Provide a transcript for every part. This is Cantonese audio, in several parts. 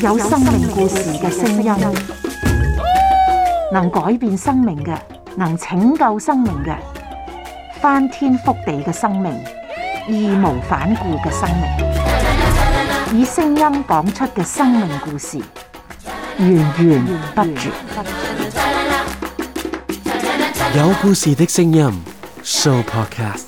有生命故事嘅聲音，能改變生命嘅，能拯救生命嘅，翻天覆地嘅生命，義無反顧嘅生命，以聲音講出嘅生命故事，源源不絕。有故事嘅聲音，Show Podcast。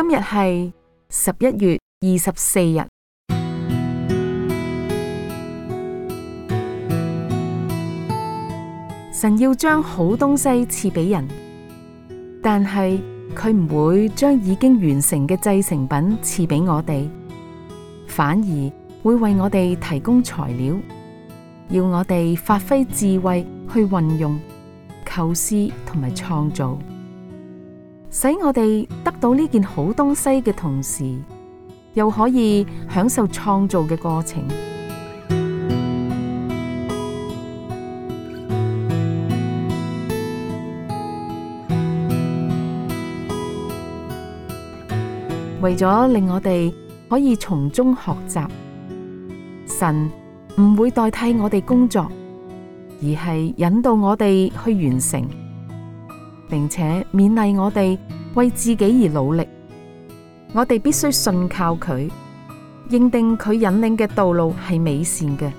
今日係十一月二十四日。神要將好東西賜俾人，但係佢唔會將已經完成嘅製成品賜俾我哋，反而會為我哋提供材料，要我哋發揮智慧去運用、構思同埋創造。使我哋得到呢件好東西嘅同時，又可以享受創造嘅過程。為咗令我哋可以從中學習，神唔會代替我哋工作，而係引導我哋去完成。並且勉勵我哋為自己而努力。我哋必須信靠佢，認定佢引領嘅道路係美善嘅。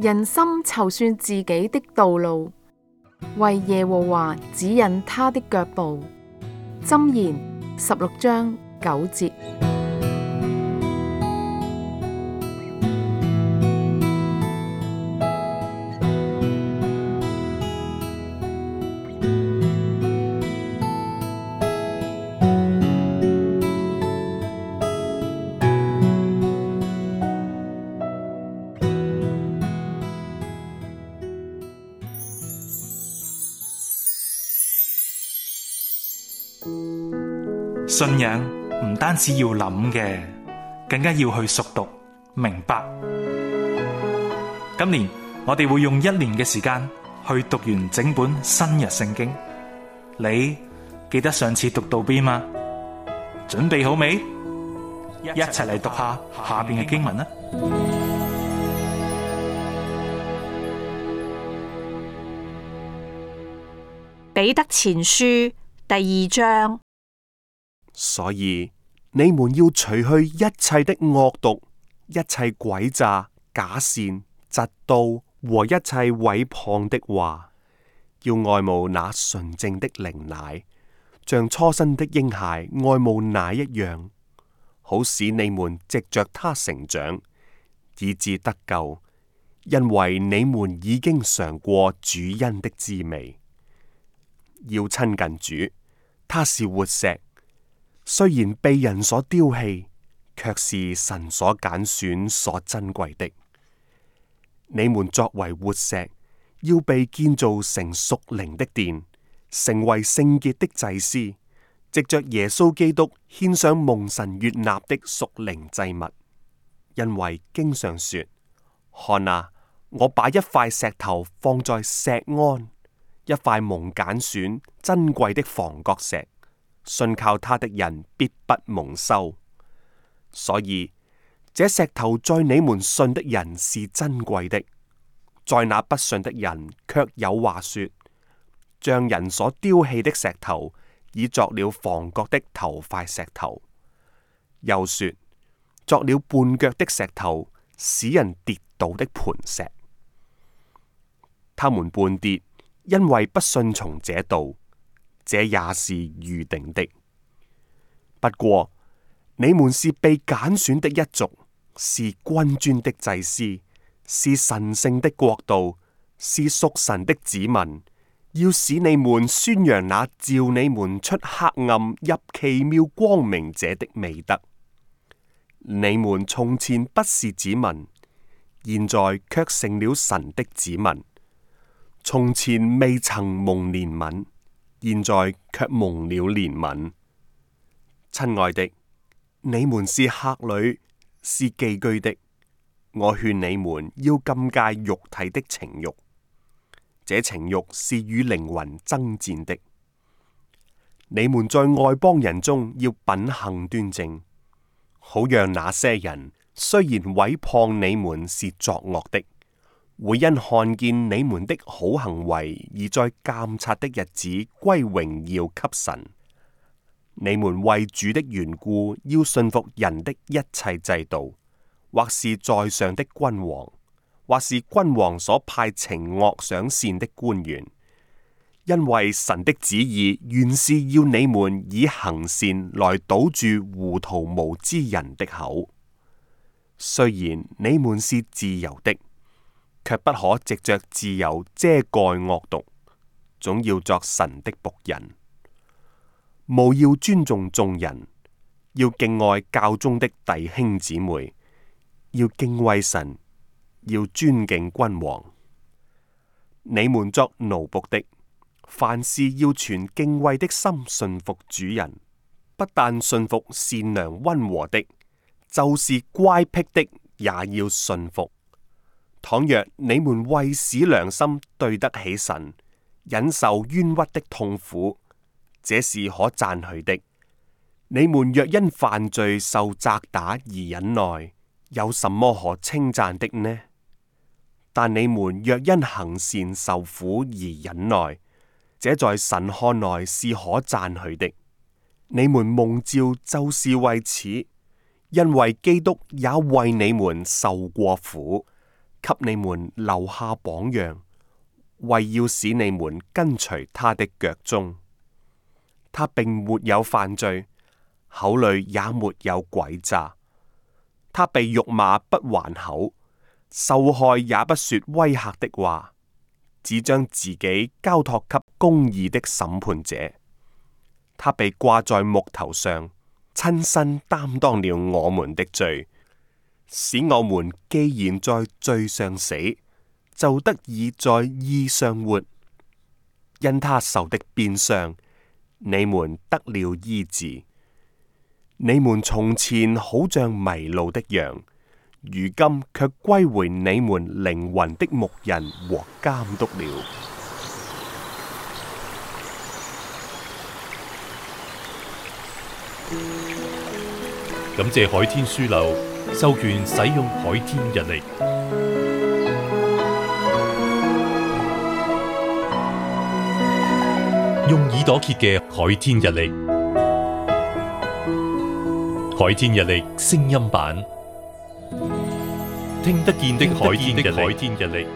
人心籌算自己的道路，為耶和華指引他的腳步。箴言十六章九節。信仰唔單止要諗嘅，更加要去熟讀明白。今年我哋會用一年嘅時間去讀完整本新約聖經。你記得上次讀到邊嗎？準備好未？一齊嚟讀下下邊嘅經文啦！彼得前書。第二章，所以你們要除去一切的惡毒、一切詭詐、假善、嫉妒和一切毀謗的話，要愛慕那純正的靈奶，像初生的嬰孩愛慕奶一樣，好使你們藉着它成長，以致得救，因為你們已經嘗過主恩的滋味，要親近主。他是活石，雖然被人所丟棄，却是神所揀選、所珍貴的。你們作為活石，要被建造成屬靈的殿，成為聖潔的祭司，藉着耶穌基督獻上蒙神悦納的屬靈祭物。因為經上說：看啊，我把一塊石頭放在錫安。一塊蒙揀選、珍貴的房角石，信靠他的人必不蒙羞。所以，這石頭在你們信的人是珍貴的，在那不信的人卻有話說：匠人所丟棄的石頭，已作了房角的頭塊石頭；又說，作了絆腳的石頭，使人跌倒的磐石。他們絆跌。因為不順從這道，這也是預定的。不過，你們是被揀選的一族，是君尊的祭司，是神聖的國度，是屬神的子民，要使你們宣揚那照你們出黑暗入奇妙光明者的美德。你們從前不是子民，現在卻成了神的子民。從前未曾蒙憐憫，現在却蒙了憐憫。親愛的，你們是客旅，是寄居的。我勸你們要禁戒肉體的情欲，這情欲是與靈魂爭戰的。你們在外邦人中要品行端正，好讓那些人雖然毀謗你們，是作惡的。會因看見你們的好行為而在監察的日子歸榮耀給神。你們為主的緣故要順服人的一切制度，或是在上的君王，或是君王所派懲惡賞善的官員，因為神的旨意原是要你們以行善來堵住糊塗無知人的口。雖然你們是自由的。卻不可藉著自由遮蓋惡毒，總要作神的僕人。務要尊重眾人，要敬愛教宗的弟兄姊妹，要敬畏神，要尊敬君王。你們作奴僕的，凡事要存敬畏的心順服主人，不但順服善良溫和的，就是乖僻的也要順服。倘若你們為使良心對得起神，忍受冤屈的痛苦，這是可讚許的。你們若因犯罪受責打而忍耐，有什麼可稱讚的呢？但你們若因行善受苦而忍耐，這在神看來是可讚許的。你們蒙召就是為此，因為基督也為你們受過苦。給你們留下榜樣，為要使你們跟隨他的腳蹤。他並沒有犯罪，口裏也沒有詭詐。他被辱罵不還口，受害也不說威嚇的話，只將自己交託給公義的審判者。他被掛在木頭上，親身擔當了我們的罪。使我們既然在罪上死，就得以在義上活。因他受的鞭傷，你們得了醫治。你們從前好像迷路的羊，如今卻歸回你們靈魂的牧人和監督了。感謝海天書樓。授權使用海天日曆，用耳朵揭嘅海天日曆，海天日曆聲音版，聽得見的海天日曆。